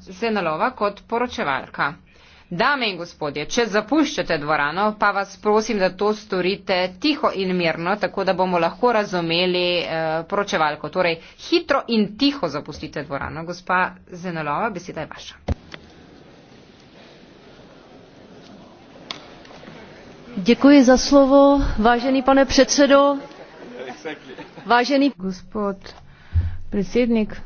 se nalova kot poročevalka. Dame in gospodje, če zapuščate dvorano, pa vas prosim, da to storite tiho in mirno, tako da bomo lahko razumeli eh, poročevalko. Torej, hitro in tiho zapustite dvorano. Gospa Zenolova, beseda je vaša. Děkuji za slovo, vážený pane předsedo, vážený gospod predsednik,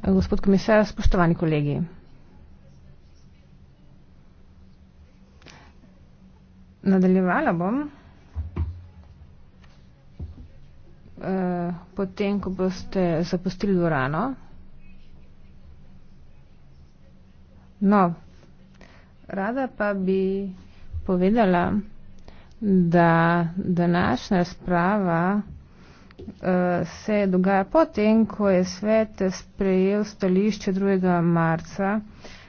Eh, gospod komisar, spoštovani kolegi. Nadaljevala bom. Eh, potem, ko boste zapustili dvorano. No, rada pa bi povedala, da današnja razprava Eh, se dogaja potem, ko je svet sprejel stališče 2. marca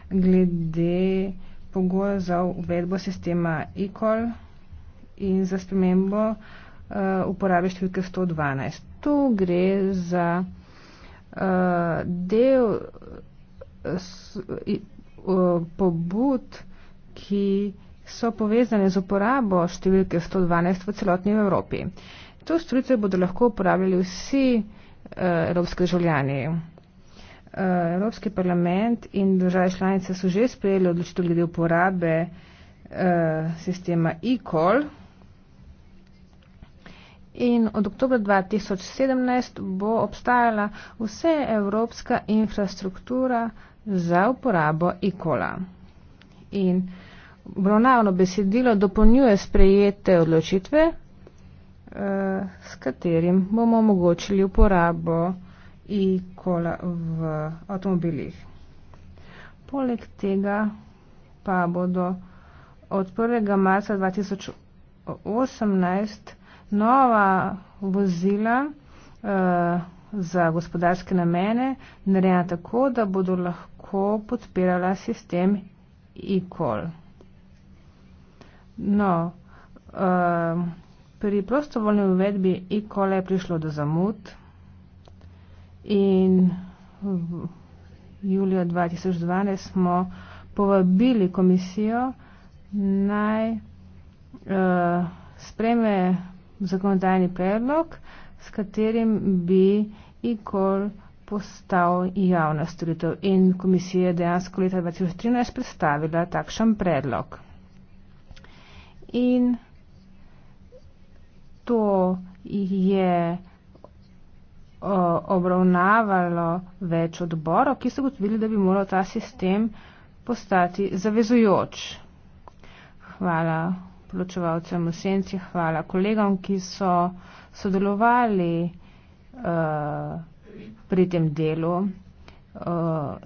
glede pogoja za uvedbo sistema ECOL in za spremembo eh, uporabe številke 112. Tu gre za eh, del pobud, ki so povezane z uporabo številke 112 v celotni Evropi. Uh, To storitve bodo lahko uporabljali vsi uh, evropski državljani. Uh, Evropski parlament in države članice so že sprejeli odločitev glede uporabe uh, sistema e-call. In od oktobra 2017 bo obstajala vse evropska infrastruktura za uporabo e-kola. In obravnavno besedilo dopolnjuje sprejete odločitve s katerim bomo omogočili uporabo e-kola v avtomobilih. Poleg tega pa bodo od 1. marca 2018 nova vozila eh, za gospodarske namene narejena tako, da bodo lahko podpirala sistem e-kol. No, eh, pri prostovoljni uvedbi e-kola je prišlo do zamud in v julijo 2012 smo povabili komisijo naj uh, eh, spreme zakonodajni predlog, s katerim bi e-kol postal javna storitev in komisija je dejansko leta 2013 predstavila takšen predlog. In to je obravnavalo več odborov, ki so gotovili, da bi moral ta sistem postati zavezujoč. Hvala poločevalcem v senci, hvala kolegom, ki so sodelovali uh, pri tem delu. Uh,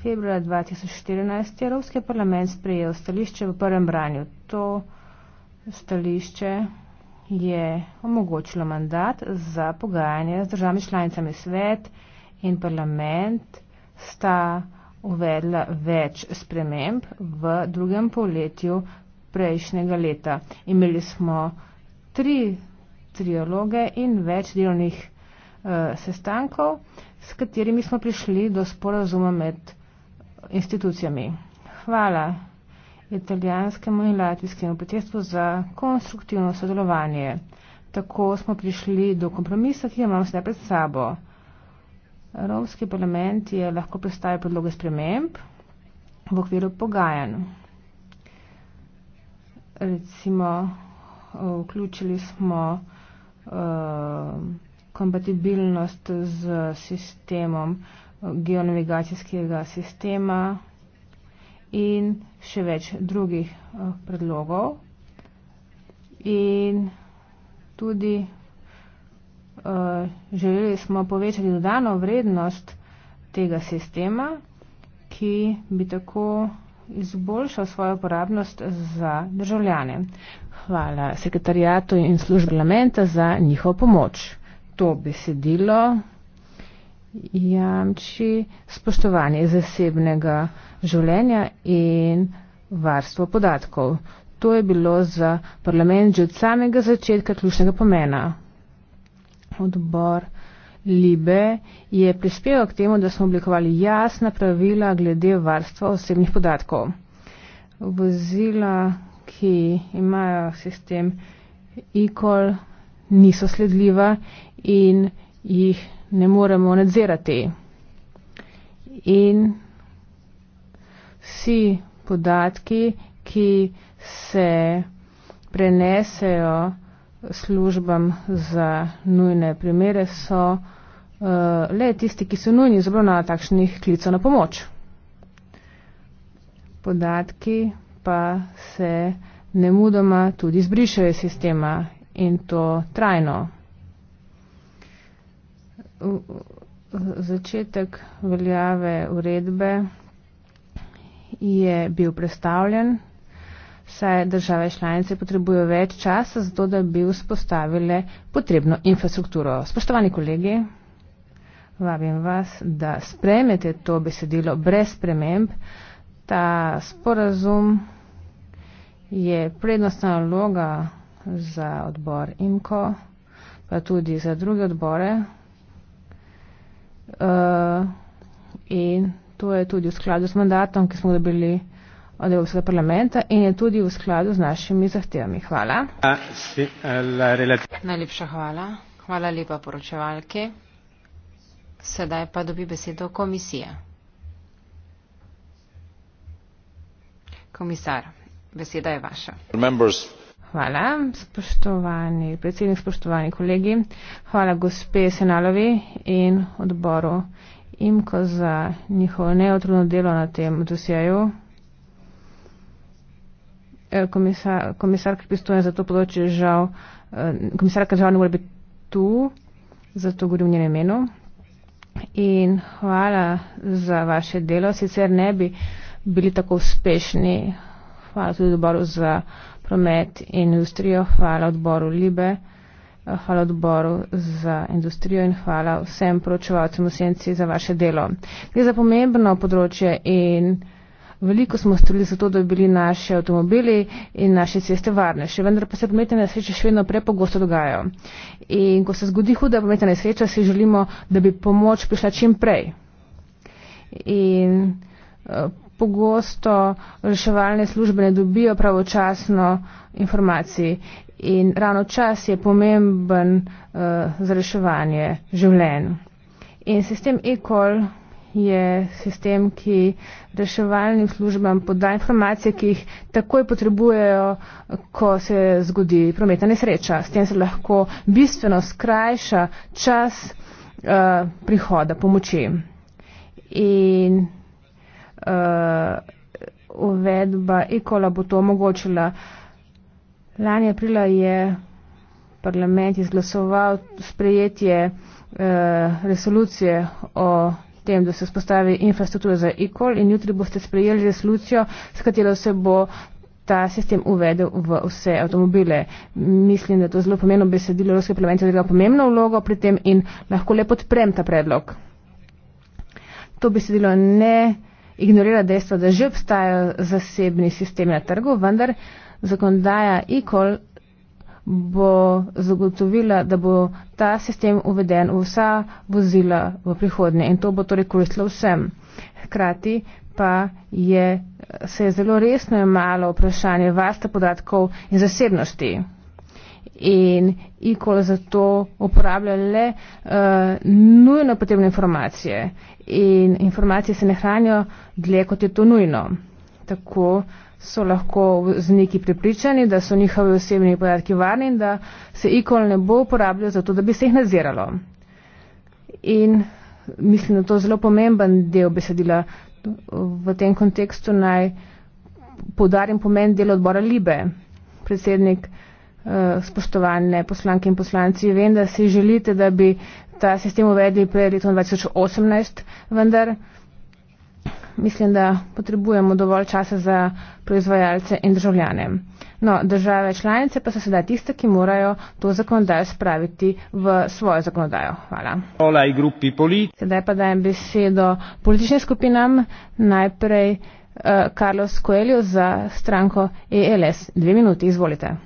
februar 2014 je Evropski parlament sprejel stališče v prvem branju. To stališče je omogočilo mandat za pogajanje z državami članicami svet in parlament sta uvedla več sprememb v drugem poletju prejšnjega leta. Imeli smo tri trialoge in več delovnih uh, sestankov, s katerimi smo prišli do sporazuma med institucijami. Hvala italijanskemu in latvijskemu predsedstvu za konstruktivno sodelovanje. Tako smo prišli do kompromisa, ki ga imamo sedaj pred sabo. Romski parlament je lahko predstavil predloge sprememb v okviru pogajanj. Recimo, vključili smo uh, kompatibilnost z sistemom eh, geonavigacijskega sistema in še več drugih eh, predlogov. In tudi eh, želeli smo povečati dodano vrednost tega sistema, ki bi tako izboljšal svojo uporabnost za državljane. Hvala sekretarijatu in službi lamenta za njihov pomoč. To besedilo jamči spoštovanje zasebnega življenja in varstvo podatkov. To je bilo za parlament že od samega začetka ključnega pomena. Odbor Libe je prispeval k temu, da smo oblikovali jasna pravila glede varstva osebnih podatkov. Vozila, ki imajo sistem e-call, niso sledljiva in jih ne moremo nadzirati. In vsi podatki, ki se prenesejo službam za nujne primere, so uh, le tisti, ki so nujni zelo na takšnih klicev na pomoč. Podatki pa se ne mudoma tudi zbrišajo iz sistema in to trajno začetek veljave uredbe je bil predstavljen, saj države članice potrebujo več časa za to, da bi vzpostavile potrebno infrastrukturo. Spoštovani kolegi, vabim vas, da spremete to besedilo brez sprememb. Ta sporazum je prednostna vloga za odbor IMKO, pa tudi za druge odbore. Uh, in to je tudi v skladu z mandatom, ki smo ga dobili od Evropskega parlamenta in je tudi v skladu z našimi zahtevami. Hvala. Eh, Najlepša hvala. Hvala lepa poročevalke. Sedaj pa dobi besedo komisija. Komisar, beseda je vaša. Hvala, spoštovani predsednik, spoštovani kolegi. Hvala gospe Senalovi in odboru IMKO za njihovo neotrudno delo na tem dosjeju. E, Komisar, komisarka pristojna za to področje žal, e, komisarka žal ne more biti tu, zato govorim v njenem imenu. In hvala za vaše delo, sicer ne bi bili tako uspešni. Hvala tudi odboru za promet in industrijo, hvala odboru Libe, eh, hvala odboru za industrijo in hvala vsem poročevalcem v Senci za vaše delo. Gre za pomembno področje in veliko smo storili za to, da bi bili naši avtomobili in naše ceste varnejše, vendar pa se prometne nesreče še vedno prepogosto dogajajo. In ko se zgodi huda prometna nesreča, si želimo, da bi pomoč prišla čim prej. In, uh, pogosto reševalne službe ne dobijo pravočasno informacij. In ravno čas je pomemben uh, za reševanje življenj. In sistem e-call je sistem, ki reševalnim službam poda informacije, ki jih takoj potrebujejo, ko se zgodi prometna nesreča. S tem se lahko bistveno skrajša čas uh, prihoda pomoči. In uh, uvedba ECOL-a bo to omogočila. Lani aprila je parlament izglasoval sprejetje uh, resolucije o tem, da se spostavi infrastruktura za ECOL in jutri boste sprejeli resolucijo, s katero se bo ta sistem uvedel v vse avtomobile. Mislim, da je to zelo pomembno besedilo Evropske parlamente, da je pomembno vlogo pri tem in lahko le podprem ta predlog. To besedilo ne ignorira dejstvo, da že obstajajo zasebni sistemi na trgu, vendar zakonodaja ICOL bo zagotovila, da bo ta sistem uveden v vsa vozila v prihodnje in to bo torej koristilo vsem. Hkrati pa je, se je zelo resno in malo vprašanje varstva podatkov in zasebnosti in ICOL za to uporablja le uh, nujno potrebne informacije in informacije se ne hranijo dlje, kot je to nujno. Tako so lahko vzniki pripričani, da so njihovi osebni podatki varni in da se ICOL ne bo uporabljal za to, da bi se jih nadziralo. In mislim, da to je zelo pomemben del besedila. V tem kontekstu naj podarim pomen del odbora Libe. Predsednik Eh, spoštovane poslanke in poslanci, vem, da si želite, da bi ta sistem uvedli pred letom 2018, vendar mislim, da potrebujemo dovolj časa za proizvajalce in državljane. No, države članice pa so sedaj tiste, ki morajo to zakonodajo spraviti v svojo zakonodajo. Hvala. Hvala i grupi polit. Sedaj pa dajem besedo političnim skupinam. Najprej eh, Carlos Coelho za stranko ELS. Dve minuti, izvolite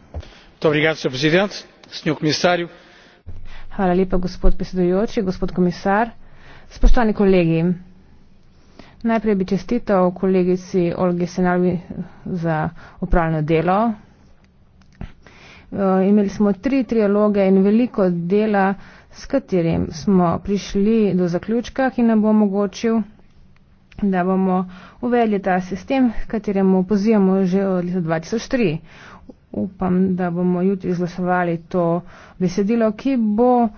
spoštovani kolegi najprej bi čestital kolegici olgi sehnalovi za opravljeno delo eh, imeli smo tri triloge in veliko dela s katerim smo prišli do zaključka ki nam bo omogočil da bomo uvedli ta sistem h kateremu pozivamo že od leta dva tisoč tri upam, da bomo jutri izglasovali to besedilo, ki bo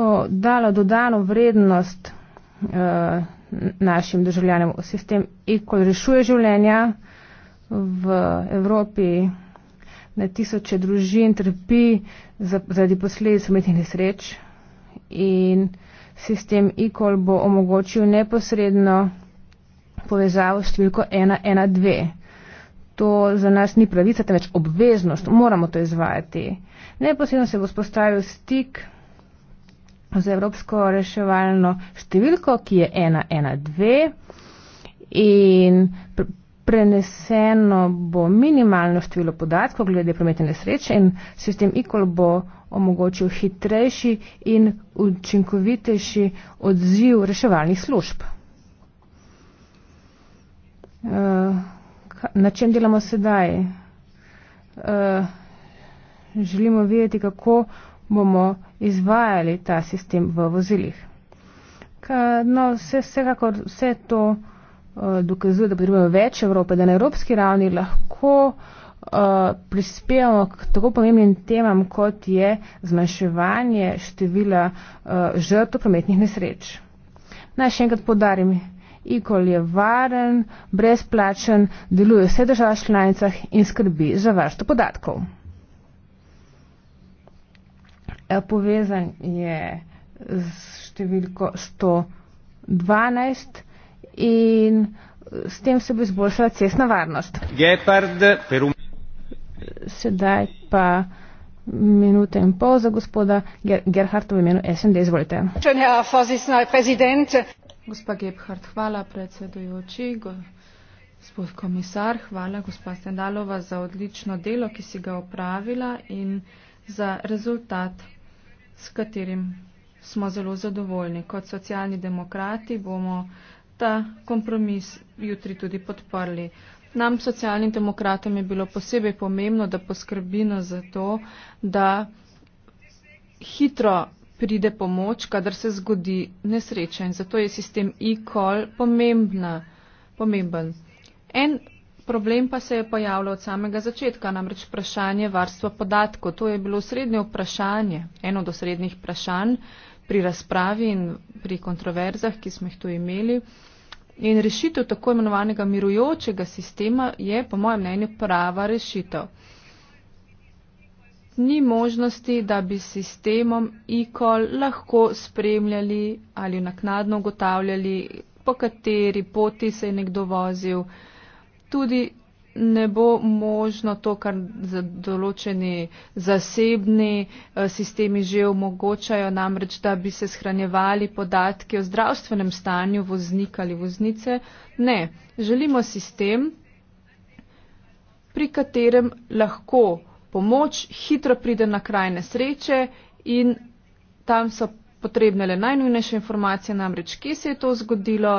o, dalo dodano vrednost e, našim državljanom. Sistem eko rešuje življenja v Evropi, na tisoče družin trpi zaradi posledic umetnih nesreč in sistem ECOL bo omogočil neposredno povezavo s številko 112 to za nas ni pravica, temveč obveznost, moramo to izvajati. Neposredno se bo spostavil stik z Evropsko reševalno številko, ki je 112 in preneseno bo minimalno število podatkov glede prometne nesreče in sistem ICOL bo omogočil hitrejši in učinkovitejši odziv reševalnih služb. Uh, na čem delamo sedaj. Uh, želimo vedeti, kako bomo izvajali ta sistem v vozilih. Ka, no, vse, vsekakor vse to uh, dokazuje, da potrebujemo več Evrope, da na evropski ravni lahko uh, prispevamo k tako pomembnim temam, kot je zmanjševanje števila uh, žrtv prometnih nesreč. Naj še enkrat podarim e-call je varen, brezplačen, deluje v vseh državah članicah in skrbi za varstvo podatkov. E, povezan je z številko 112 in s tem se bo izboljšala cestna varnost. Gepard, Sedaj pa minuta in pol za gospoda Ger Gerhardt v imenu SND. Izvolite. Gospa Gebhardt, hvala predsedujoči. Gospod komisar, hvala gospa Stendalova za odlično delo, ki si ga opravila in za rezultat, s katerim smo zelo zadovoljni. Kot socialni demokrati bomo ta kompromis jutri tudi podprli. Nam socialnim demokratom je bilo posebej pomembno, da poskrbimo za to, da hitro pride pomoč, kadar se zgodi nesreča in zato je sistem e-call pomemben. En problem pa se je pojavljal od samega začetka, namreč vprašanje varstva podatkov. To je bilo srednje vprašanje, eno od srednjih vprašanj pri razpravi in pri kontroverzah, ki smo jih tu imeli. In rešitev tako imenovanega mirujočega sistema je, po mojem mnenju, prava rešitev ni možnosti, da bi s sistemom e-call lahko spremljali ali naknadno ugotavljali, po kateri poti se je nekdo vozil. Tudi ne bo možno to, kar za določeni zasebni eh, sistemi že omogočajo, namreč, da bi se shranjevali podatki o zdravstvenem stanju voznika ali voznice. Ne, želimo sistem, pri katerem lahko pomoč, hitro pride na kraj nesreče in tam so potrebne le najnujnejše informacije, namreč kje se je to zgodilo,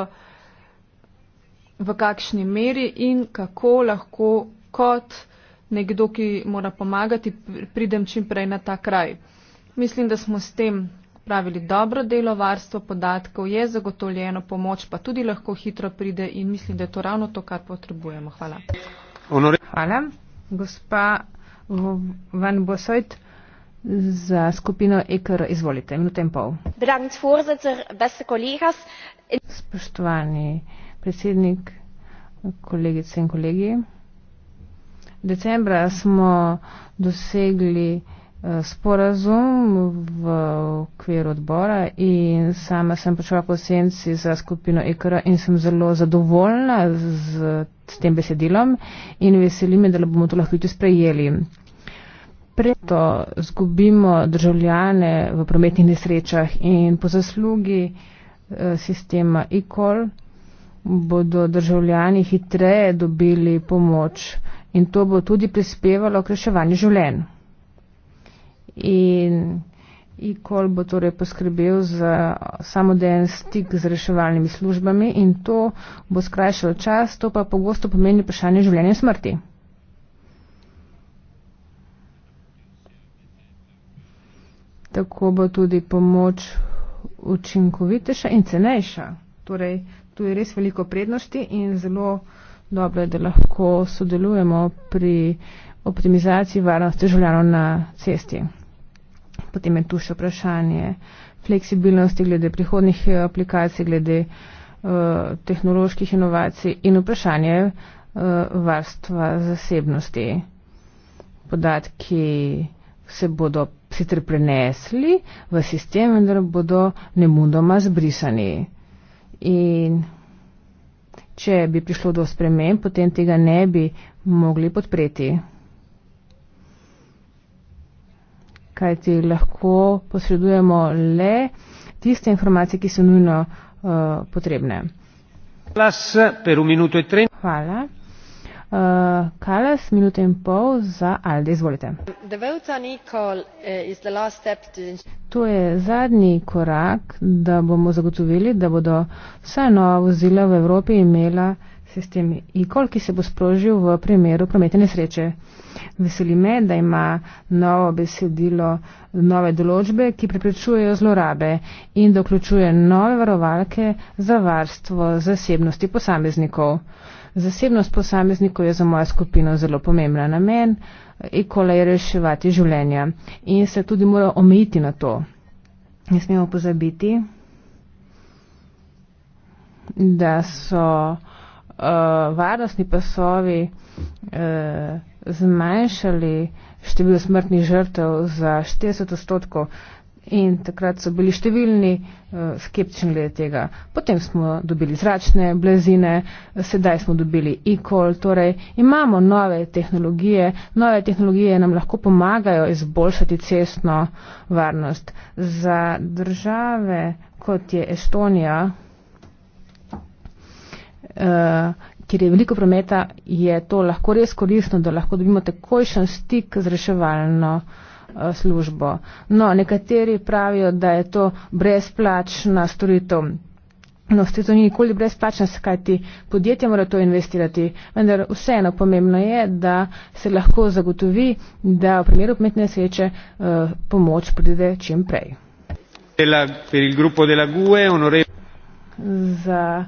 v kakšni meri in kako lahko kot nekdo, ki mora pomagati, pridem čimprej na ta kraj. Mislim, da smo s tem pravili dobro delo, varstvo podatkov je zagotovljeno, pomoč pa tudi lahko hitro pride in mislim, da je to ravno to, kar potrebujemo. Hvala. Hvala. Gospa Van Bosoit za skupino EKR. Izvolite, minuto in pol. Bedankt, voorzitter, beste kolegas. Spoštovani predsednik, kolegice in kolegi. Decembra smo dosegli eh, sporazum v okviru odbora in sama sem počela po senci za skupino EKR in sem zelo zadovoljna z, z tem besedilom in veselim, da bomo to lahko tudi sprejeli preto zgubimo državljane v prometnih nesrečah in po zaslugi eh, sistema e-call bodo državljani hitreje dobili pomoč in to bo tudi prispevalo k reševanju življenj. In e-call bo torej poskrbel za samodejen stik z reševalnimi službami in to bo skrajšalo čas, to pa pogosto pomeni vprašanje življenja in smrti. tako bo tudi pomoč učinkovitejša in cenejša. Torej, tu je res veliko prednosti in zelo dobro je, da lahko sodelujemo pri optimizaciji varnosti državljanov na cesti. Potem je tu še vprašanje fleksibilnosti glede prihodnih eh, aplikacij, glede uh, tehnoloških inovacij in vprašanje uh, varstva zasebnosti. Podatki se bodo sicer prenesli v sistem, vendar bodo nemudoma zbrisani. In če bi prišlo do sprememb, potem tega ne bi mogli podpreti. Kaj ti lahko posredujemo le tiste informacije, ki so nujno uh, potrebne. E Hvala. Uh, eh, Kales, minuto in pol za Alde, izvolite. Eh, to je zadnji korak, da bomo zagotovili, da bodo vsa nova vozila v Evropi imela sistem e-call, ki se bo sprožil v primeru prometne nesreče. Veseli me, da ima novo besedilo nove določbe, ki preprečujejo zlorabe in doključuje nove varovalke za varstvo zasebnosti posameznikov. Uh, Zasebnost posameznikov je za mojo skupino zelo pomembna namen, ekola je reševati življenja in se tudi mora omejiti na to. Ne smemo pozabiti, da so uh, varnostni pasovi uh, zmanjšali število smrtnih žrtev za 40 odstotkov. In takrat so bili številni uh, skeptični glede tega. Potem smo dobili zračne blazine, eh, sedaj smo dobili e-call, torej imamo nove tehnologije. Nove tehnologije nam lahko pomagajo izboljšati cestno varnost. Za države, kot je Estonija, uh, kjer je veliko prometa, je to lahko res koristno, da lahko dobimo takojšen stik z reševalno uh, Eh, službo. No, nekateri pravijo, da je to brezplačna storitev. No, ste to nikoli brezplačna, kaj ti podjetje mora to investirati. Vendar vseeno pomembno je, da se lahko zagotovi, da v primeru umetne sreče eh, pomoč pride čim prej. Za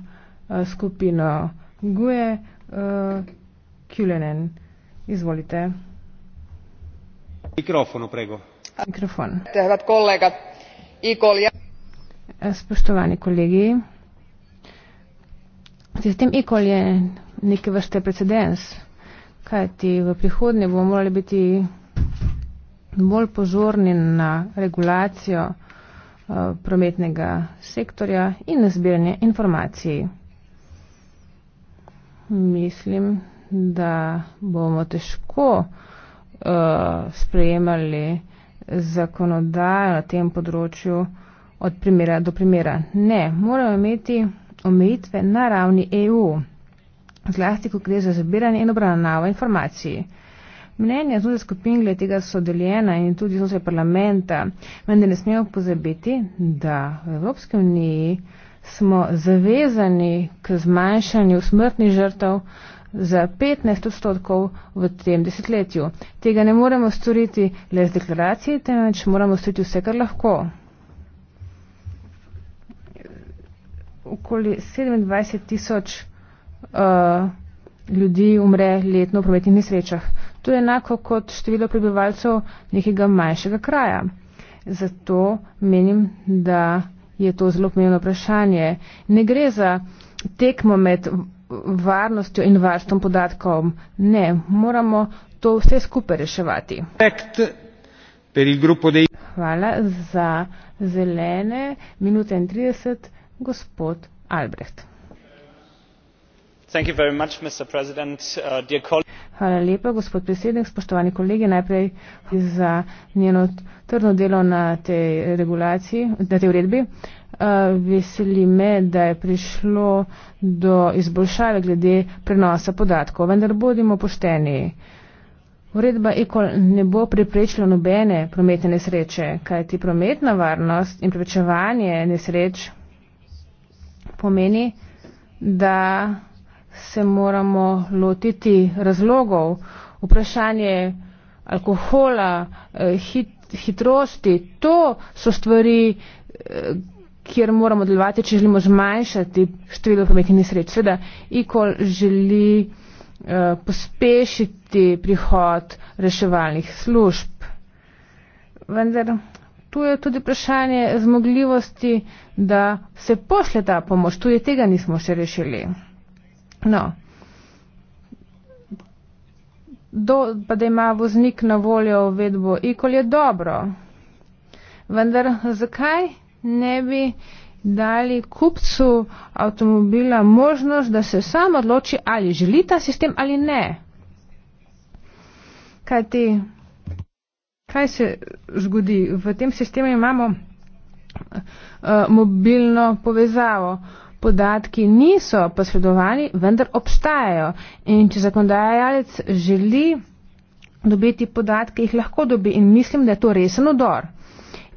eh, skupino GUE, eh, Kulenen, izvolite spoštovani kolegi sistem ecall je neke vrste precedens kajti v prihodnje bomo morali biti bolj pozorni na regulacijo uh, prometnega sektorja in na zbiranje informacij. Mislim, da bomo težko uh, uh, sprejemali zakonodajo na tem področju od primera do primera. Ne, moramo imeti omejitve na ravni EU, zlasti, ko gre za zbiranje in obravnavo informacij. Mnenja znotraj skupin glede tega so deljena in tudi znotraj parlamenta, vendar ne smemo pozabiti, da v Evropski uniji smo zavezani k zmanjšanju smrtnih žrtev za 15 odstotkov v tem desetletju. Tega ne moremo storiti le z deklaracije, temveč moramo storiti vse, kar lahko. Okoli 27 tisoč uh, ljudi umre letno v prometnih nesrečah. To je enako kot število prebivalcev nekega manjšega kraja. Zato menim, da je to zelo pomembno vprašanje. Ne gre za tekmo med varnostjo in varstvom podatkov. Ne, moramo to vse skupaj reševati. Hvala za zelene minute in 30, gospod Albrecht. Much, uh, Hvala lepa, gospod predsednik, spoštovani kolegi, najprej za njeno trdno delo na tej regulaciji, na tej uredbi. Uh, Eh, veseli me, da je prišlo do izboljšave glede prenosa podatkov, vendar bodimo pošteni. Uredba ECOL ne bo preprečila nobene prometne nesreče, kajti prometna varnost in preprečevanje nesreč pomeni, da se moramo lotiti razlogov. Vprašanje alkohola, eh, hit, hitrosti, to so stvari, eh, kjer moramo delovati, če želimo zmanjšati število prometnih nesreč. Seveda, IKOL želi eh, pospešiti prihod reševalnih služb. Vendar tu je tudi vprašanje zmogljivosti, da se pošle ta pomoč. Tudi tega nismo še rešili. No. Do, pa da ima voznik na voljo uvedbo IKOL je dobro. Vendar zakaj ne bi dali kupcu avtomobila možnost, da se sam odloči, ali želi ta sistem ali ne. Kaj, ti, kaj se zgodi? V tem sistemu imamo uh, mobilno povezavo. Podatki niso posredovani, vendar obstajajo. In če zakonodajalec želi dobiti podatke, jih lahko dobi. In mislim, da je to resen odor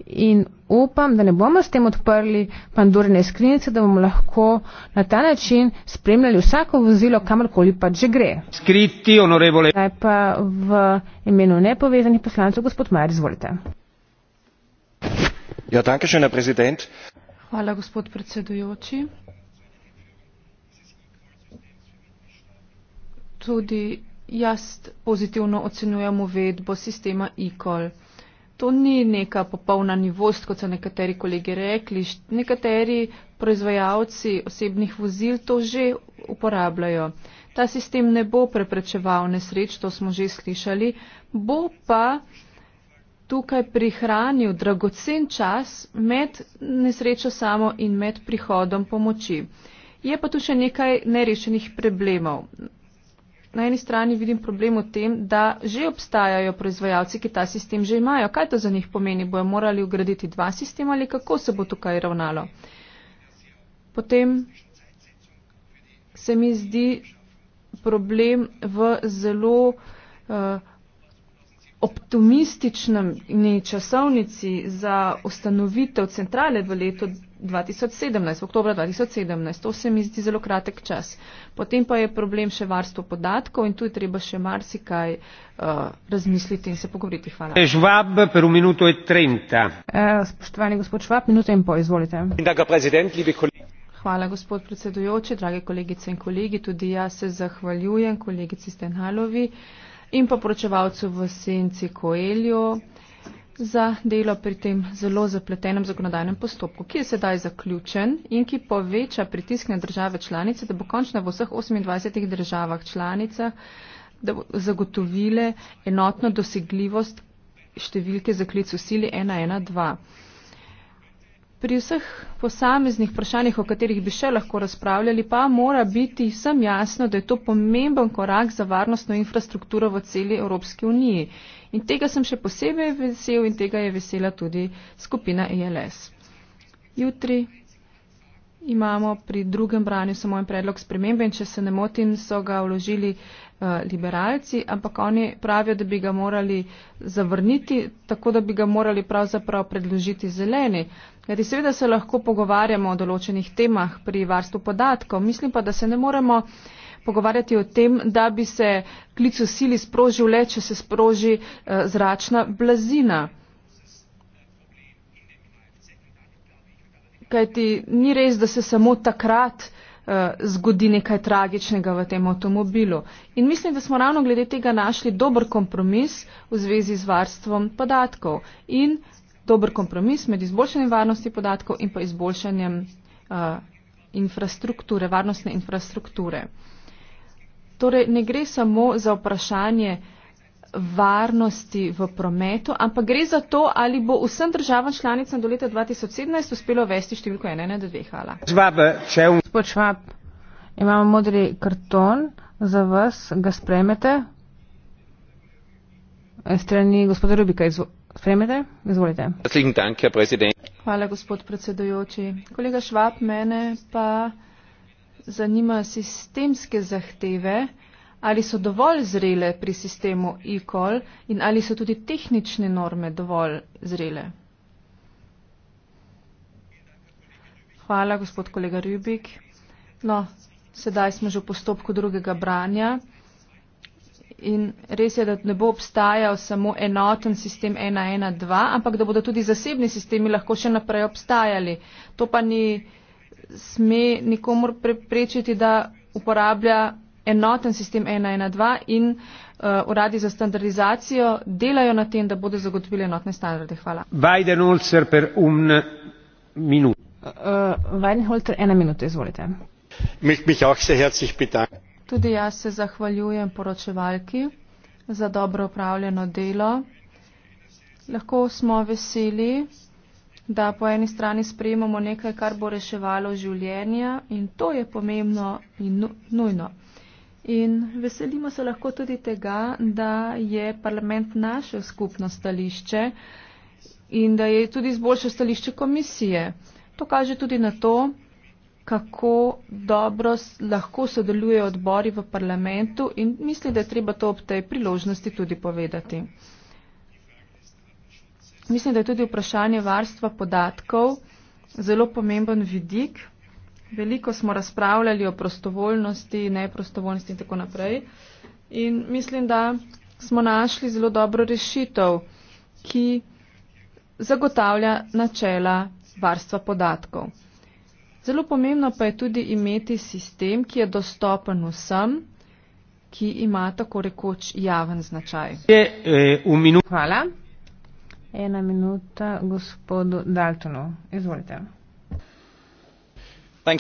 in upam, da ne bomo s tem odprli pandurne skrinjice, da bomo lahko na ta način spremljali vsako vozilo, kamorkoli pa že gre. Skriti, onorevole. Zdaj pa v imenu nepovezanih poslancev, gospod Majer, izvolite. Ja, danke še na prezident. Hvala, gospod predsedujoči. Tudi jaz pozitivno ocenujem uvedbo sistema e-call to ni neka popolna nivost, kot so nekateri kolegi rekli. Nekateri proizvajalci osebnih vozil to že uporabljajo. Ta sistem ne bo preprečeval nesreč, to smo že slišali, bo pa tukaj prihranil dragocen čas med nesrečo samo in med prihodom pomoči. Je pa tu še nekaj nerešenih problemov na eni strani vidim problem v tem, da že obstajajo proizvajalci, ki ta sistem že imajo. Kaj to za njih pomeni? Bojo morali ugraditi dva sistema ali kako se bo tukaj ravnalo? Potem se mi zdi problem v zelo uh, optimističnem časovnici za ustanovitev centrale v letu 2020. 2017, oktober 2017. To se mi zdi zelo kratek čas. Potem pa je problem še varstvo podatkov in tu je treba še marsikaj uh, razmisliti in se pogovoriti. Hvala. Švab, eh, per un minuto e trenta. Eh, spoštovani gospod Švab, minuto in pol, izvolite. Hvala, gospod predsedujoči, drage kolegice in kolegi. Tudi jaz se zahvaljujem kolegici Stenhalovi in pa poročevalcu v senci Koeljo za delo pri tem zelo zapletenem zakonodajnem postopku, ki je sedaj zaključen in ki poveča pritisk na države članice, da bo končno v vseh 28 državah članicah zagotovile enotno dosegljivost številke zaklicu sili 112. Pri vseh posameznih vprašanjih, o katerih bi še lahko razpravljali, pa mora biti vsem jasno, da je to pomemben korak za varnostno infrastrukturo v celi Evropski uniji. In tega sem še posebej vesel in tega je vesela tudi skupina ELS. Jutri imamo pri drugem branju samo en predlog spremembe in če se ne motim, so ga vložili. Eh, liberalci, ampak oni pravijo, da bi ga morali zavrniti, tako da bi ga morali pravzaprav predložiti zeleni. Kajti seveda se lahko pogovarjamo o določenih temah pri varstvu podatkov, mislim pa, da se ne moremo pogovarjati o tem, da bi se klic v sili sprožil le, če se sproži eh, zračna blazina. Kajti ni res, da se samo takrat uh, zgodi nekaj tragičnega v tem avtomobilu. In mislim, da smo ravno glede tega našli dober kompromis v zvezi z varstvom podatkov in dober kompromis med izboljšanjem varnosti podatkov in pa izboljšanjem uh, infrastrukture, varnostne infrastrukture. Torej, ne gre samo za vprašanje, varnosti v prometu, ampak gre za to, ali bo vsem državam članicam do leta 2017 uspelo vesti številko 112. Hvala. Gospod Švab, imamo modri karton za vas, ga spremete. Eh, strani gospoda Rubika, izvo spremete? Izvolite. Hvala, gospod predsedujoči. Kolega Švab, mene pa zanima sistemske zahteve ali so dovolj zrele pri sistemu e-call in ali so tudi tehnične norme dovolj zrele. Hvala, gospod kolega Rjubik. No, sedaj smo že v postopku drugega branja in res je, da ne bo obstajal samo enoten sistem 112, ampak da bodo tudi zasebni sistemi lahko še naprej obstajali. To pa ni sme nikomor preprečiti, da uporablja enoten sistem 112 in uh, uradi za standardizacijo delajo na tem, da bodo zagotovili enotne standarde. Hvala. Weidenholzer per un minuto. Uh, Weidenholzer, ena minuta, izvolite. Mich, mich auch sehr herzlich bedanken. Tudi jaz se zahvaljujem poročevalki za dobro upravljeno delo. Lahko smo veseli, da po eni strani sprejemamo nekaj, kar bo reševalo življenja in to je pomembno in nujno. In veselimo se lahko tudi tega, da je parlament našel skupno stališče in da je tudi izboljšal stališče komisije. To kaže tudi na to, kako dobro lahko sodelujejo odbori v parlamentu in mislim, da je treba to ob tej priložnosti tudi povedati. Mislim, da je tudi vprašanje varstva podatkov zelo pomemben vidik. Veliko smo razpravljali o prostovoljnosti, neprostovoljnosti in tako naprej. In mislim, da smo našli zelo dobro rešitev, ki zagotavlja načela varstva podatkov. Zelo pomembno pa je tudi imeti sistem, ki je dostopen vsem, ki ima tako rekoč javen značaj. Je, e, Hvala. Ena minuta gospodu Daltonu. Izvolite. Uh,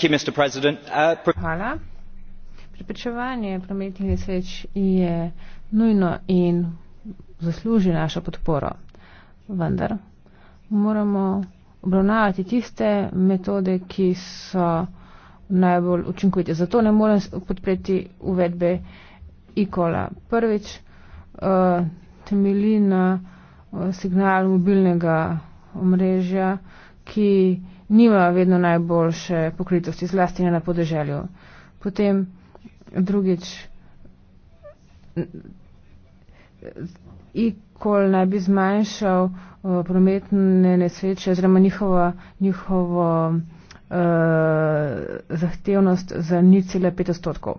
preprečevanje prometnih nesreč je nujno in zasluži našo podporo. Vendar moramo obravnavati tiste metode, ki so najbolj učinkovite. Zato ne morem podpreti uvedbe e-kola. Prvič uh, temelji na uh, signal mobilnega omrežja, ki nimajo vedno najboljše pokritosti, zlasti ne na podeželju. Potem drugič, ikol naj bi zmanjšal uh, prometne nesreče, oziroma njihovo, njihovo uh, zahtevnost za nicele 5 odstotkov.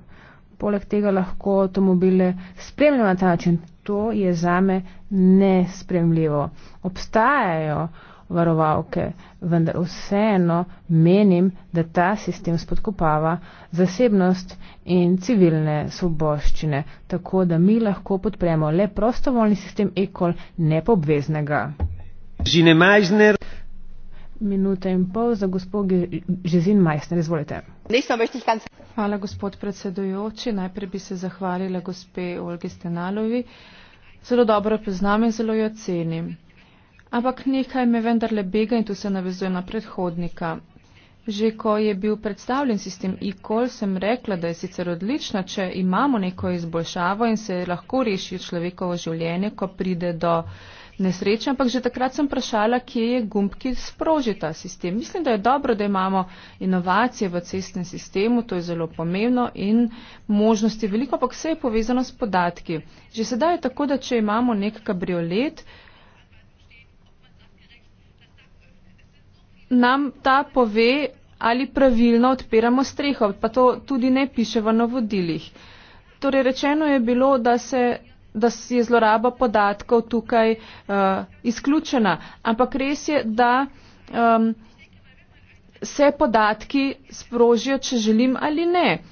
Poleg tega lahko avtomobile spremljamo na ta način. To je zame nespremljivo. Obstajajo uh, varovalke, vendar vseeno menim, da ta sistem spodkopava zasebnost in civilne svoboščine, tako da mi lahko podpremo le prostovoljni sistem ekol, ne pa obveznega. Žine Majzner. Minuta in pol za gospod Žezin Majzner, izvolite. Hvala, gospod predsedujoči. Najprej bi se zahvalila gospe Olge Stenalovi. Zelo dobro poznam in zelo jo cenim. Ampak nekaj me vendarle bega in tu se navezuje na predhodnika. Že ko je bil predstavljen sistem e-call, sem rekla, da je sicer odlično, če imamo neko izboljšavo in se lahko reši človekovo življenje, ko pride do nesreče, ampak že takrat sem vprašala, kje je gumb, ki sproži ta sistem. Mislim, da je dobro, da imamo inovacije v cestnem sistemu, to je zelo pomembno in možnosti veliko, ampak vse je povezano s podatki. Že sedaj je tako, da če imamo nek kabriolet, nam ta pove, ali pravilno odpiramo streho, pa to tudi ne piše v navodilih. Torej, rečeno je bilo, da, se, da je zloraba podatkov tukaj uh, izključena, ampak res je, da um, se podatki sprožijo, če želim ali ne.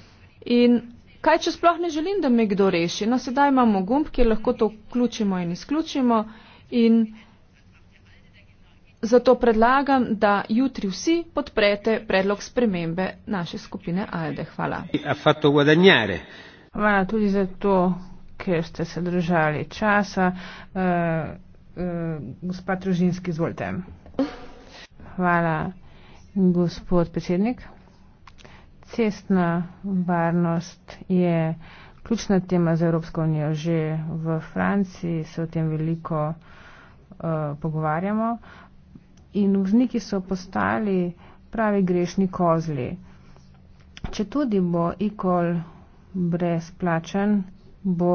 In kaj, če sploh ne želim, da me kdo reši? No, sedaj imamo gumb, kjer lahko to vključimo in izključimo. In Zato predlagam, da jutri vsi podprete predlog spremembe naše skupine ALDE. Hvala. Hvala tudi za to, ker ste se držali časa. Uh, uh, gospa Tružinski, izvolite. Hvala, gospod predsednik. Cestna varnost je ključna tema za Evropsko unijo. Že v Franciji se o tem veliko uh, pogovarjamo. Uh, in vzniki so postali pravi grešni kozli. Če tudi bo ikol brezplačen, bo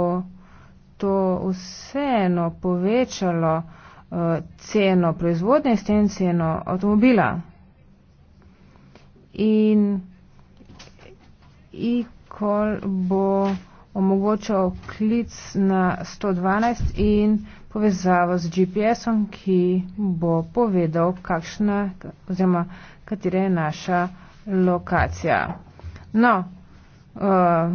to vseeno povečalo uh, ceno proizvodnje in s tem ceno avtomobila. In ikol bo omogočal klic na 112 in povezavo z GPS-om, ki bo povedal, kakšna oziroma katera je naša lokacija. No, eh,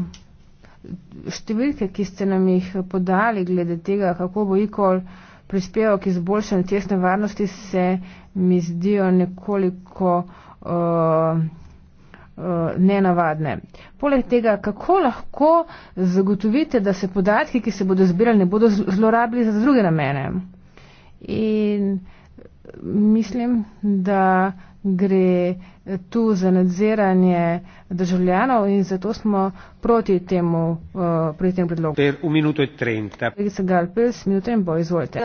številke, ki ste nam jih podali glede tega, kako bo ikol prispeval k izboljšanju cestne varnosti, se mi zdijo nekoliko uh, Eh, nenavadne. Poleg tega, kako lahko zagotovite, da se podatki, ki se bodo zbirali, ne bodo zlorabili za druge namene? In mislim, da gre tu za nadziranje državljanov in zato smo proti temu, eh, pri tem predlogu. Per un minuto e trenta. Kolegica Galpils, minuto in bo, izvolite.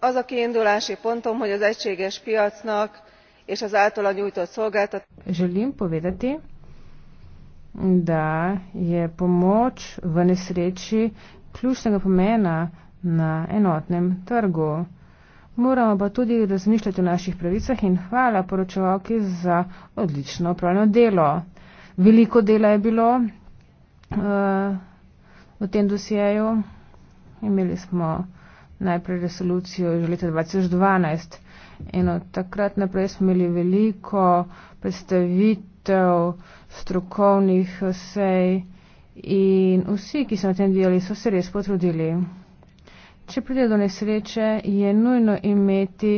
Az a kiindulási pontom, hogy az egységes piacnak és az általa nyújtott szolgáltatás. da je pomoč v nesreči ključnega pomena na enotnem trgu. Moramo pa tudi razmišljati o naših pravicah in hvala poročevalki za odlično upravljeno delo. Veliko dela je bilo uh, v tem dosjeju. Imeli smo najprej resolucijo že leta 2012. In od takrat naprej smo imeli veliko predstavitev, strokovnih vsej in vsi, ki so na tem delali, so se res potrudili. Če pride do nesreče, je nujno imeti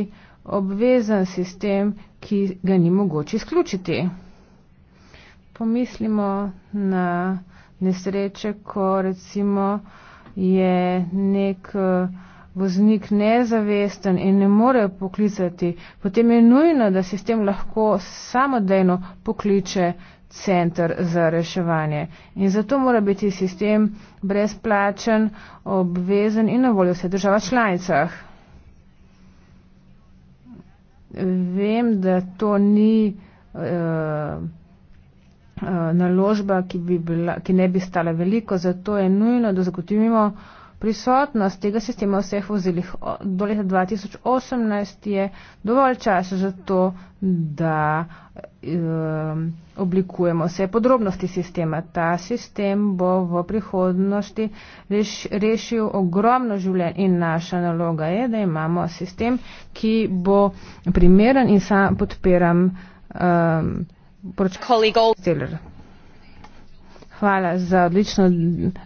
obvezen sistem, ki ga ni mogoče izključiti. Pomislimo na nesreče, ko recimo je nek. Uh, voznik nezavesten in ne more poklicati, potem je nujno, da sistem lahko samodejno pokliče centr za reševanje. In zato mora biti sistem brezplačen, obvezen in na voljo vse država članicah. Vem, da to ni uh, uh, naložba, ki, bi bila, ki ne bi stala veliko, zato je nujno, da zagotovimo uh, prisotnost tega sistema v vseh vozilih do leta 2018 je dovolj časa za to, da um, oblikujemo vse podrobnosti sistema. Ta sistem bo v prihodnosti reš, rešil ogromno življenj in naša naloga je, da imamo sistem, ki bo primeren in sam podpiram poročilo. Um, Hvala za odlično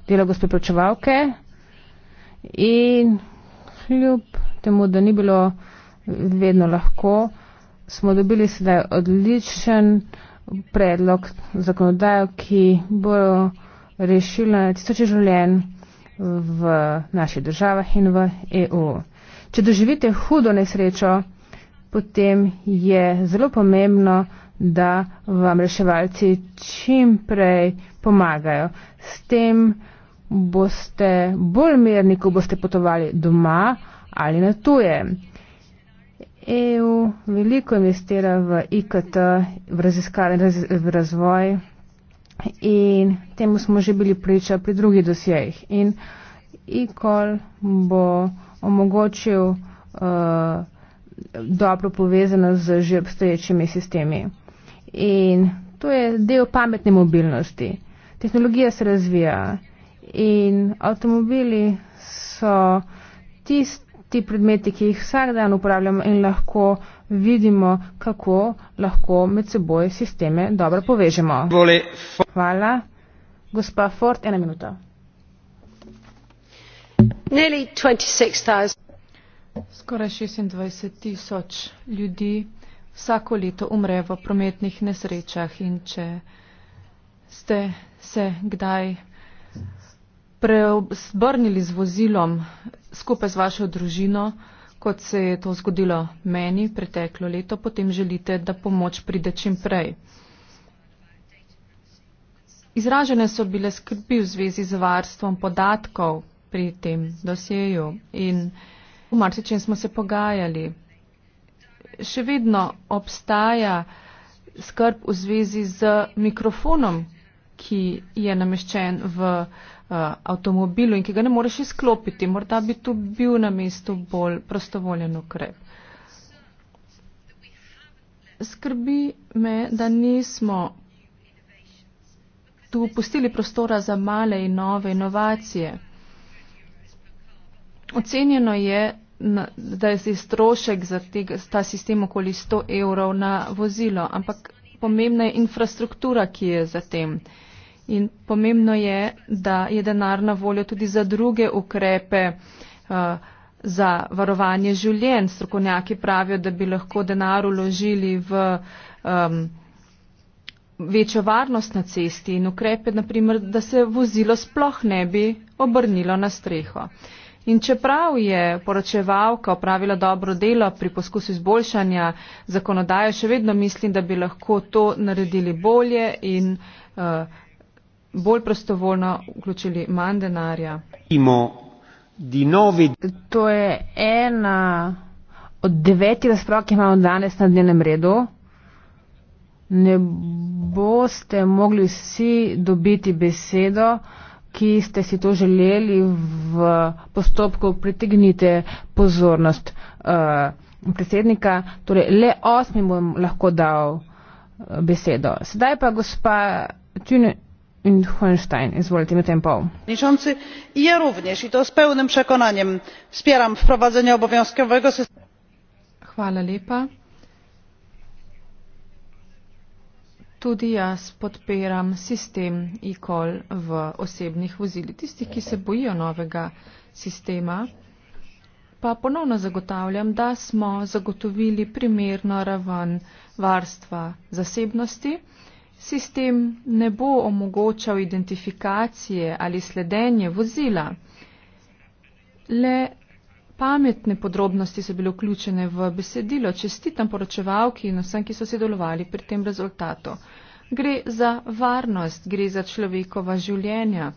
delo gospe pročevalke. In kljub temu, da ni bilo vedno lahko, smo dobili sedaj odličen predlog zakonodajo, ki bo rešila tisoče življenj v naših državah in v EU. Če doživite hudo nesrečo, potem je zelo pomembno, da vam reševalci čim prej pomagajo. S tem boste bolj merni, ko boste potovali doma ali na tuje. EU veliko investira v IKT, v raziskave, v razvoj in temu smo že bili priča pri drugih dosjejih. In IKOL bo omogočil uh, dobro povezano z že obstoječimi sistemi. In to je del pametne mobilnosti. Tehnologija se razvija in avtomobili so tisti predmeti, ki jih vsak dan uporabljamo in lahko vidimo, kako lahko med seboj sisteme dobro povežemo. Hvala. Gospa Ford, ena minuta. Skoraj 26 tisoč ljudi vsako leto umre v prometnih nesrečah in če ste se kdaj preobrnili z vozilom skupaj z vašo družino, kot se je to zgodilo meni preteklo leto, potem želite, da pomoč pride čim prej. Izražene so bile skrbi v zvezi z varstvom podatkov pri tem dosjeju in v marsičem smo se pogajali. Še vedno obstaja skrb v zvezi z mikrofonom, ki je nameščen v Eh, avtomobilu in ki ga ne moreš izklopiti. Morda bi tu bil na mestu bolj prostovoljen ukrep. Skrbi me, da nismo tu pustili prostora za male in nove inovacije. Ocenjeno je, da je strošek za ta sistem okoli 100 evrov na vozilo, ampak pomembna je infrastruktura, ki je za tem. Uh, In pomembno je, da je denar na voljo tudi za druge ukrepe eh, za varovanje življenj. Strokovnjaki pravijo, da bi lahko denar uložili v um, večjo varnost na cesti in ukrepe, naprimer, da se vozilo sploh ne bi obrnilo na streho. In čeprav je poročevalka opravila dobro delo pri poskusu izboljšanja zakonodaje, še vedno mislim, da bi lahko to naredili bolje in uh, bolj prostovoljno vključili manj denarja. To je ena od devetih razprav, ki imamo danes na dnevnem redu. Ne boste mogli vsi dobiti besedo, ki ste si to želeli v postopku. Pritegnite pozornost uh, predsednika. Torej, le osmim bom lahko dal eh, besedo. Sedaj pa gospa Čunjo ja również i to z pełnym przekonaniem wspieram wprowadzenie obowiązkowego systemu tudi jaz podpiram sistem ecall v osebnih vozilih. Tisti, ki se bojijo novega sistema, pa ponovno zagotavljam, da smo zagotovili primerno raven varstva zasebnosti. Sistem ne bo omogočal identifikacije ali sledenje vozila. Le pametne podrobnosti so bile vključene v besedilo. Čestitam poročevalki in vsem, ki so sodelovali pri tem rezultatu. Gre za varnost, gre za človekova življenja.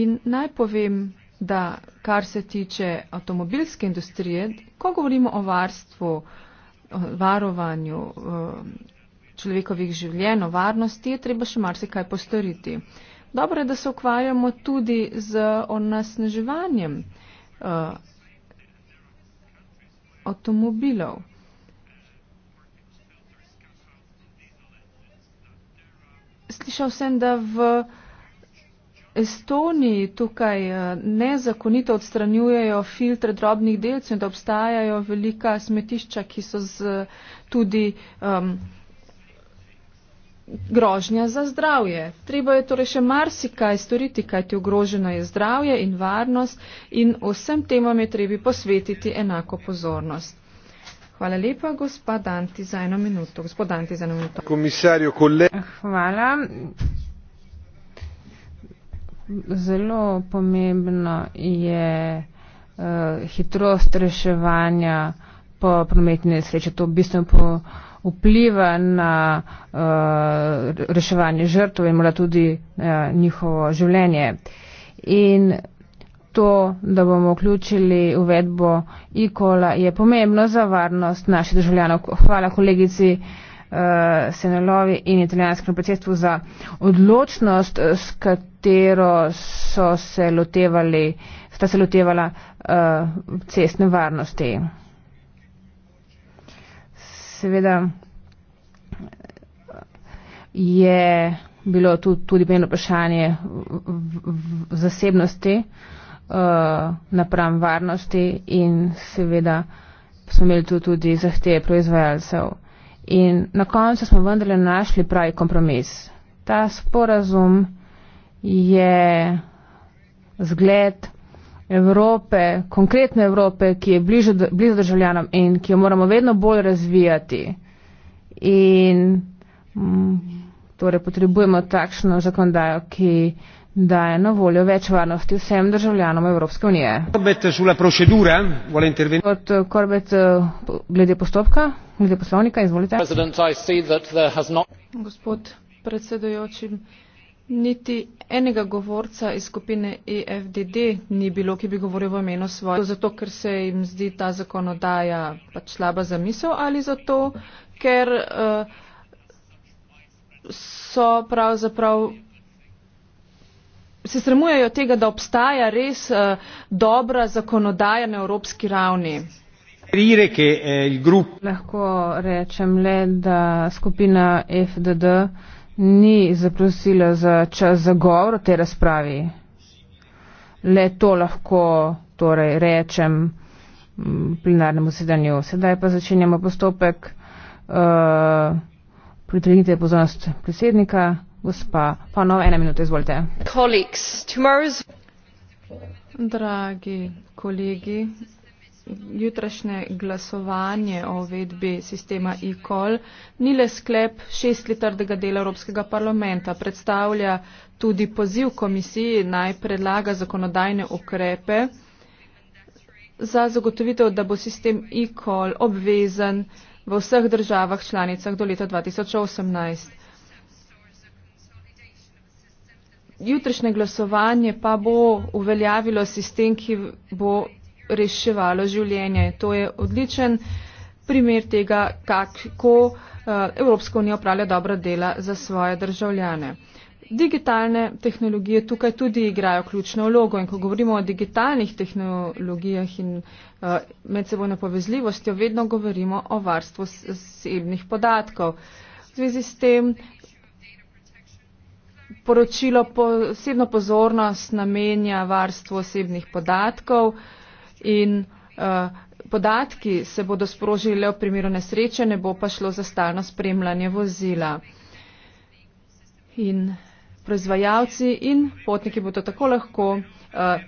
In naj povem, da kar se tiče avtomobilske industrije, ko govorimo o varstvu, o varovanju, človekovih življenj, o varnosti, je treba še marsikaj postoriti. Dobro je, da se ukvarjamo tudi z onasneževanjem uh, eh, avtomobilov. Slišal sem, da v Estoniji tukaj eh, nezakonito odstranjujejo filtre drobnih delcev in da obstajajo velika smetišča, ki so z, tudi um, grožnja za zdravje. Treba je torej še marsikaj storiti, kajti ogroženo je zdravje in varnost in vsem temam je treba posvetiti enako pozornost. Hvala lepa, gospod Danti, za eno minuto. Gospod Danti, za eno minuto. Komisarju, kolega. Hvala. Zelo pomembno je uh, hitrost reševanja po prometni sreči. To v bistvu po. Uh, vpliva na uh, reševanje žrtv in mora tudi uh, njihovo življenje. In to, da bomo vključili uvedbo e-kola, je pomembno za varnost naših državljanov. Hvala kolegici uh, Senelovi in italijanskemu predsedstvu za odločnost, s katero so se lotevali, sta se lotevala uh, cestne varnosti seveda je bilo tudi, tudi meni vprašanje zasebnosti eh, napram varnosti in seveda smo imeli tu tudi zahteje proizvajalcev. In na koncu smo vendarle našli pravi kompromis. Ta sporazum je zgled Evrope, konkretne Evrope, ki je bližo, blizu državljanom in ki jo moramo vedno bolj razvijati. In m, mm, torej potrebujemo takšno zakonodajo, ki daje na voljo več varnosti vsem državljanom Evropske unije. Korbet, Kot Korbet, glede postopka, glede poslovnika, izvolite. Gospod predsedujoči, Niti enega govorca iz skupine EFDD ni bilo, ki bi govoril v imenu svoje, zato ker se jim zdi ta zakonodaja pač slaba za misel ali zato, ker uh, so pravzaprav. Se sramujejo tega, da obstaja res uh, dobra zakonodaja na evropski ravni. Eh, Lahko rečem le, da skupina e FDD uh, ni zaprosila za čas za govor o tej razpravi. Le to lahko torej, rečem mm, plenarnemu sedanju. Sedaj pa začenjamo postopek. Uh, Pritegnite pozornost predsednika, gospa Panova, ena minuta, izvolite. Colleagues, tomorrow's... Dragi kolegi, jutrašnje glasovanje o vedbi sistema e-call ni le sklep šestlitrdega dela Evropskega parlamenta. Predstavlja tudi poziv komisiji naj predlaga zakonodajne ukrepe za zagotovitev, da bo sistem e-call obvezen v vseh državah članicah do leta 2018. Jutrišnje glasovanje pa bo uveljavilo sistem, ki bo reševalo življenje. To je odličen primer tega, kako eh, Evropska unija upravlja dobra dela za svoje državljane. Digitalne tehnologije tukaj tudi igrajo ključno vlogo in ko govorimo o digitalnih tehnologijah in eh, medsebojno povezljivostjo, vedno govorimo o varstvu osebnih podatkov. V zvezi s tem poročilo posebno pozornost namenja varstvu osebnih podatkov in uh, podatki se bodo sprožili le v primeru nesreče, ne bo pa šlo za stalno spremljanje vozila. In proizvajalci in potniki bodo tako lahko uh,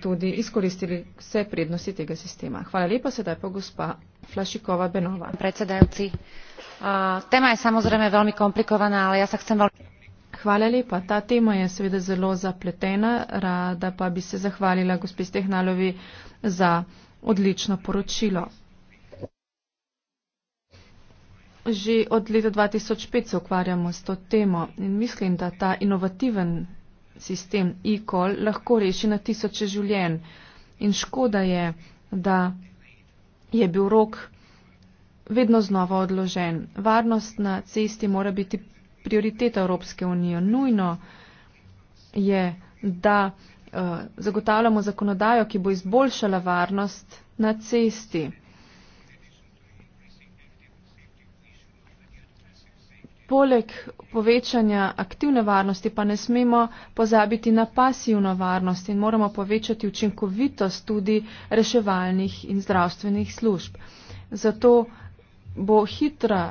tudi izkoristili vse prednosti tega sistema. Hvala lepa, sedaj pa gospa Flašikova Benova. Predsedajoci, uh, eh, tema je samozrejme veoma komplikovana, ali jaz se chcem veoma. Hvala lepa. Ta tema je seveda zelo zapletena. Rada pa bi se zahvalila gospi Stehnalovi za odlično poročilo. Že od leta 2005 se ukvarjamo s to temo in mislim, da ta inovativen sistem e-call lahko reši na tisoče življenj. In škoda je, da je bil rok vedno znova odložen. Varnost na cesti mora biti prioriteta Evropske unije. Nujno je, da Eh, zagotavljamo zakonodajo, ki bo izboljšala varnost na cesti. Poleg povečanja aktivne varnosti pa ne smemo pozabiti na pasivno varnost in moramo povečati učinkovitost tudi reševalnih in zdravstvenih služb. Zato bo hitra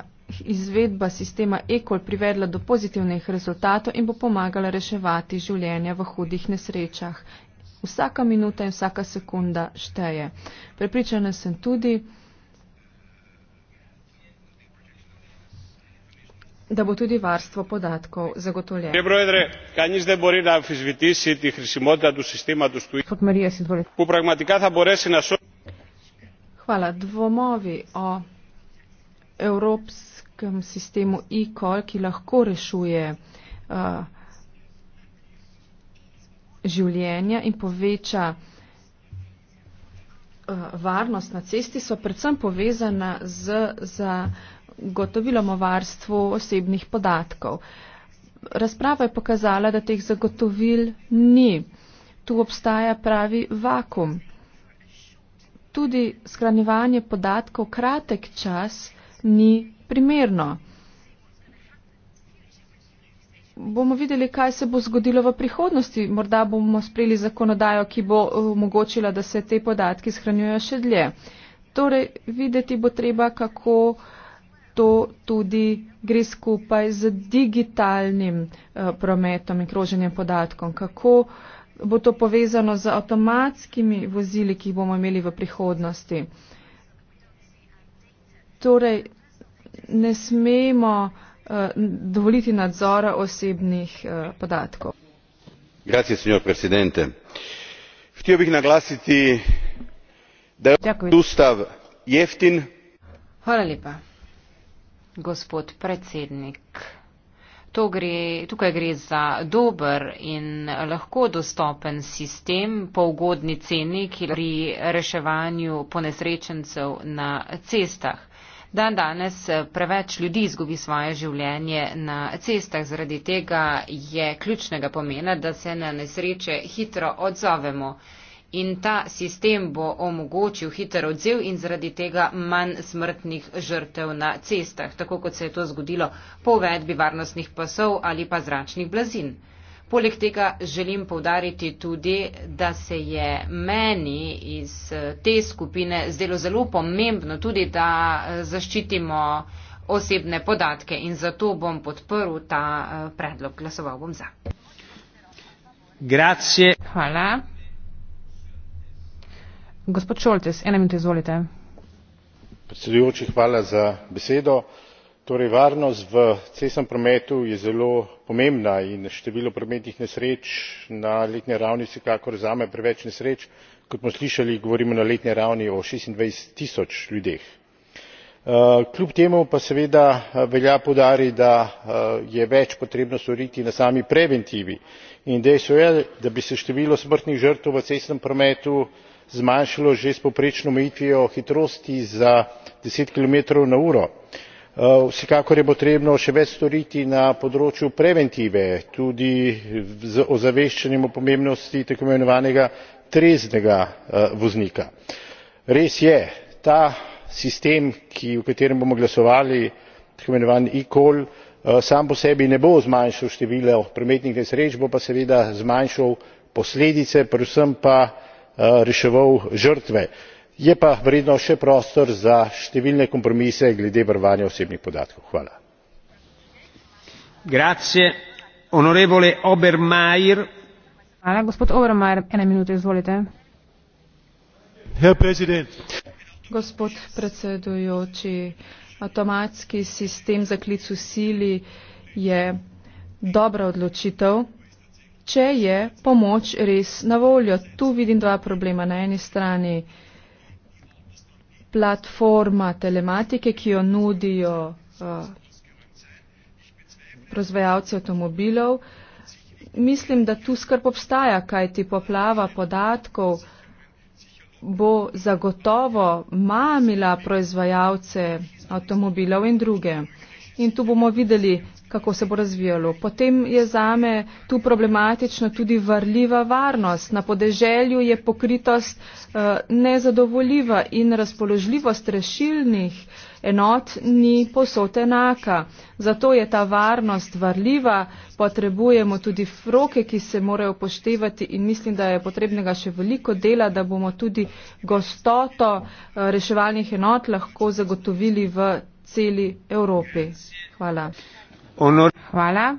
izvedba sistema Ekol privedla do pozitivnih rezultatov in bo pomagala reševati življenja v hudih nesrečah. Vsaka minuta in vsaka sekunda šteje. Prepričana sem tudi, da bo tudi varstvo podatkov zagotovljeno. Hvala. Dvomovi o Evropski nekem sistemu e-call, ki lahko rešuje eh, življenja in poveča eh, varnost na cesti, so predvsem povezana z zagotovilom o varstvu osebnih podatkov. Razprava je pokazala, da teh zagotovil ni. Tu obstaja pravi vakum. Tudi skranjevanje podatkov kratek čas ni primerno. Bomo videli, kaj se bo zgodilo v prihodnosti. Morda bomo sprejeli zakonodajo, ki bo eh, omogočila, da se te podatki shranjujejo še dlje. Torej, videti bo treba, kako to tudi gre skupaj z digitalnim eh, prometom in kroženjem podatkom, kako bo to povezano z avtomatskimi vozili, ki jih bomo imeli v prihodnosti torej ne smemo uh, dovoliti nadzora osebnih uh, podatkov. Grazie, signor Presidente. Htio bih naglasiti da je Dakujem. sustav jeftin. Hvala lepa, gospod predsednik. To gre, tukaj gre za dober in lahko dostopen sistem po ugodni ceni, ki pri reševanju ponesrečencev na cestah. Dan danes eh, preveč ljudi izgubi svoje življenje na cestah, zaradi tega je ključnega pomena, da se na nesreče hitro odzovemo. In ta sistem bo omogočil hiter odziv in zaradi tega manj smrtnih žrtev na cestah, tako kot se je to zgodilo po uvedbi varnostnih pasov ali pa zračnih blazin. Poleg tega želim povdariti tudi, da se je meni iz eh, te skupine zdelo zelo pomembno tudi, da eh, zaščitimo osebne podatke in zato bom podprl ta eh, predlog. Glasoval bom za. Grazie. Hvala. Gospod Šoltes, ena minuta izvolite. Predsedujoči, hvala za besedo torej varnost v cestnem prometu je zelo pomembna in število prometnih nesreč na letni ravni vsekakor zame preveč nesreč kot smo slišali govorimo na letni ravni o šestindvajset tisoč ljudeh. Eh, kljub temu pa seveda eh, velja poudariti da eh, je več potrebno storiti na sami preventivi in dejstvo je da bi se število smrtnih žrtev v cestnem prometu zmanjšalo že s povprečno omejitvijo hitrosti za deset kilometrov na uro. Eh, vsekakor je potrebno še več storiti na področju preventive tudi z ozaveščanjem o pomembnosti tako imenovanega treznega eh, voznika. res je ta sistem ki o katerem bomo glasovali tako imenovani ecall eh, sam po sebi ne bo zmanjšal število prometnih nesreč bo pa seveda zmanjšal posledice predvsem pa reševal žrtve je pa vredno še prostor za številne kompromise glede varovanja osebnih podatkov. herr präsident! gospod predsedujoči avtomatski sistem za klic v sili je dobra odločitev če je pomoč res na voljo. tu vidim dva problema. na eni strani platforma telematike, ki jo nudijo eh, proizvajalci avtomobilov. Mislim, da tu skrb obstaja, kaj ti poplava podatkov bo zagotovo mamila proizvajalce avtomobilov in druge. In tu bomo videli, kako se bo razvijalo. Potem je zame tu problematično tudi varljiva varnost. Na podeželju je pokritost uh, nezadovoljiva in razpoložljivost rešilnih enot ni posod enaka. Zato je ta varnost varljiva, potrebujemo tudi froke, ki se morajo poštevati in mislim, da je potrebnega še veliko dela, da bomo tudi gostoto uh, reševalnih enot lahko zagotovili v celi Evropi. Hvala. Onor... Hvala.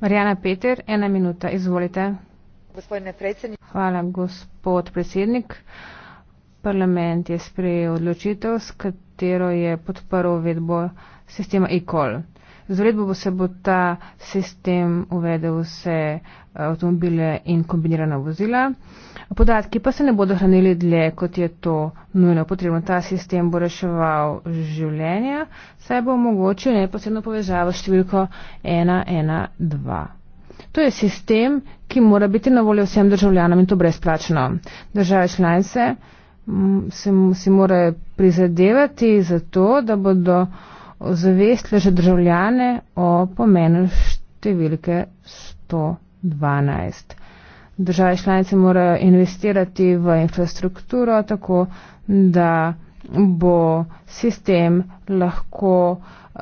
Marijana Peter, ena minuta, izvolite. Hvala, gospod predsednik. Parlament je sprejel odločitev, s katero je podporo uvedbo sistema e-call. Z uredbo bo se bo ta sistem uvedel vse avtomobile in kombinirana vozila. Podatki pa se ne bodo hranili dlje, kot je to nujno potrebno. Ta sistem bo reševal življenja, saj bo omogočil neposredno povezavo s številko 112. To je sistem, ki mora biti na voljo vsem državljanom in to brezplačno. Države članice mm, si, si morajo prizadevati za to, da bodo ozavestile že državljane o pomenu številke 112. 2012. Države članice morajo investirati v infrastrukturo tako, da bo sistem lahko uh,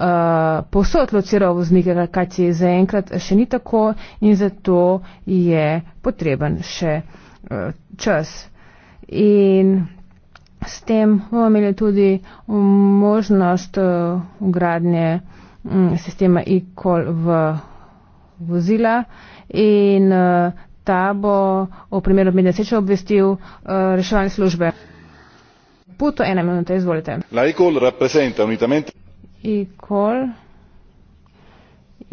povsod lociral voznike, kaj ti zaenkrat še ni tako in zato je potreben še uh, čas. In s tem bomo imeli tudi možnost ugradnje eh, uh, um, mm, sistema e-call v vozila in eh, ta bo o primeru med nesreče obvestil eh, reševalne službe. Puto, ena minuta, izvolite. La ICOL reprezenta unitamente. ICOL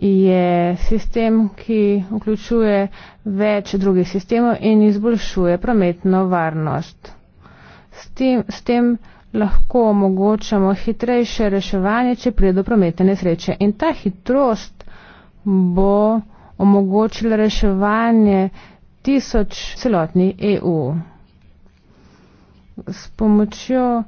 je sistem, ki vključuje več drugih sistemov in izboljšuje prometno varnost. S tem, s tem lahko omogočamo hitrejše reševanje, če pride do prometne nesreče. In ta hitrost bo omogočila reševanje tisoč celotni EU. S pomočjo eh,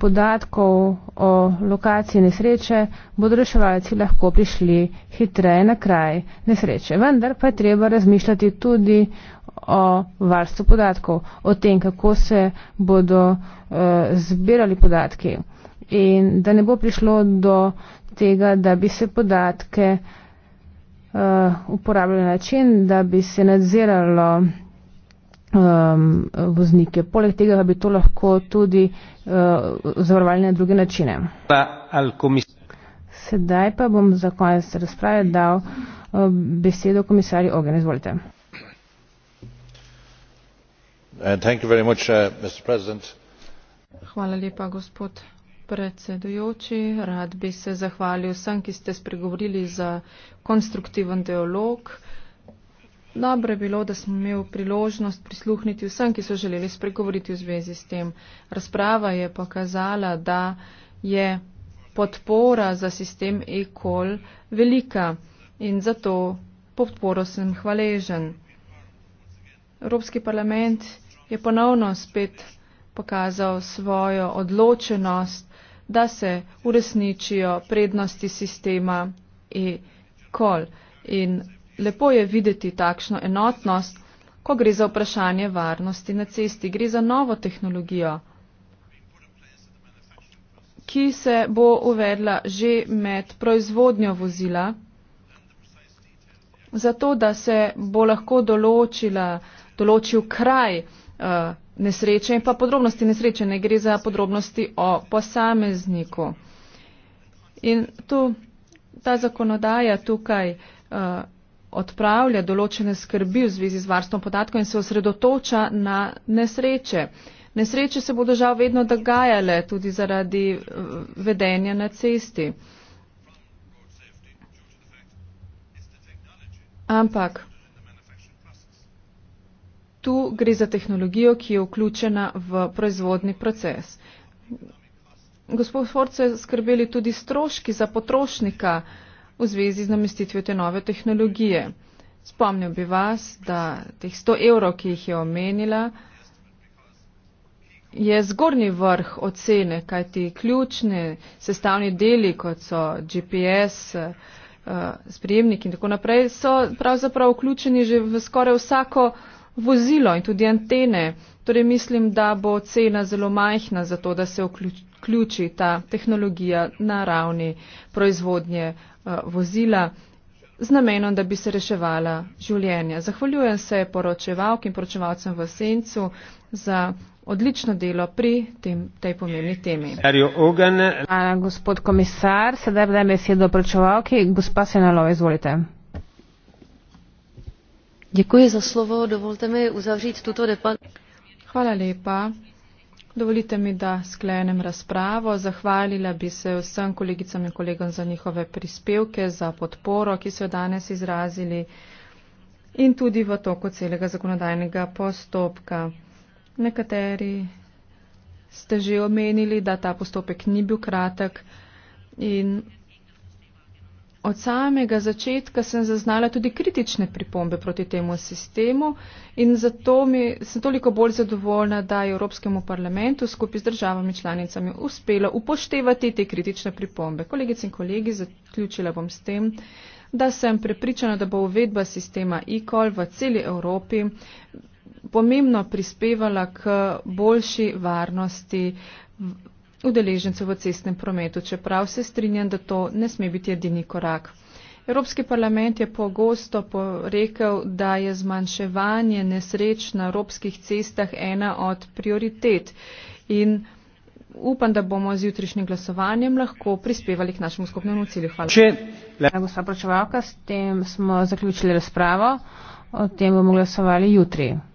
podatkov o lokaciji nesreče bodo reševalci lahko prišli hitreje na kraj nesreče. Vendar pa je treba razmišljati tudi o varstvu podatkov, o tem, kako se bodo uh, zbirali podatki in da ne bo prišlo do tega, da bi se podatke uh, Uh, uporabljali način, da bi se nadziralo um, voznike. Poleg tega bi to lahko tudi uh, zavarovali na druge načine. Sedaj pa bom za konec razprave dal uh, besedo komisarju Ogen. Izvolite. Uh, uh, Hvala lepa, gospod predsedujoči, rad bi se zahvalil vsem, ki ste spregovorili za konstruktiven dialog. Dobro je bilo, da smo imeli priložnost prisluhniti vsem, ki so želeli spregovoriti v zvezi s tem. Razprava je pokazala, da je podpora za sistem e-kol velika in za to podporo sem hvaležen. Evropski parlament je ponovno spet pokazal svojo odločenost da se uresničijo prednosti sistema e-kol. In lepo je videti takšno enotnost, ko gre za vprašanje varnosti na cesti. Gre za novo tehnologijo, ki se bo uvedla že med proizvodnjo vozila, zato da se bo lahko določila, določil kraj, uh, nesreče in pa podrobnosti nesreče, ne gre za podrobnosti o posamezniku. In tu ta zakonodaja tukaj uh, odpravlja določene skrbi v zvezi z varstvom podatkov in se osredotoča na nesreče. Nesreče se bodo žal vedno dogajale tudi zaradi uh, vedenja na cesti. Ampak Tu gre za tehnologijo, ki je vključena v proizvodni proces. Gospod Ford se je skrbeli tudi stroški za potrošnika v zvezi z namestitvijo te nove tehnologije. Spomnil bi vas, da teh 100 evrov, ki jih je omenila, je zgornji vrh ocene, kaj ti ključni sestavni deli, kot so GPS, eh, sprejemniki in tako naprej, so pravzaprav vključeni že v skoraj vsako vozilo in tudi antene. Torej mislim, da bo cena zelo majhna za to, da se vključi ta tehnologija na ravni proizvodnje eh, vozila z namenom, da bi se reševala življenja. Zahvaljujem se poročevalk in poročevalcem v Sencu za odlično delo pri tem, tej pomembni temi. Hvala, gospod komisar. Sedaj vdajem besedo poročevalki. Gospa Senalo, izvolite. Děkuji za slovo. Dovolte mi uzavřít tuto debatu. Hvala lepa. Dovolite mi, da sklenem razpravo. Zahvalila bi se vsem kolegicam in kolegom za njihove prispevke, za podporo, ki so jo danes izrazili in tudi v toku celega zakonodajnega postopka. Nekateri ste že omenili, da ta postopek ni bil kratek in Od samega začetka sem zaznala tudi kritične pripombe proti temu sistemu in zato mi sem toliko bolj zadovoljna, da je Evropskemu parlamentu skupaj z državami članicami uspela upoštevati te kritične pripombe. Kolegice in kolegi, zaključila bom s tem, da sem prepričana, da bo uvedba sistema e-call v celi Evropi pomembno prispevala k boljši varnosti udeležencev v cestnem prometu, čeprav se strinjam, da to ne sme biti edini korak. Evropski parlament je pogosto rekel, da je zmanjševanje nesreč na evropskih cestah ena od prioritet in upam, da bomo z jutrišnjim glasovanjem lahko prispevali k našemu skupnemu cilju. Hvala. Gospa Pročevalka, s tem smo zaključili razpravo. O tem bomo glasovali jutri.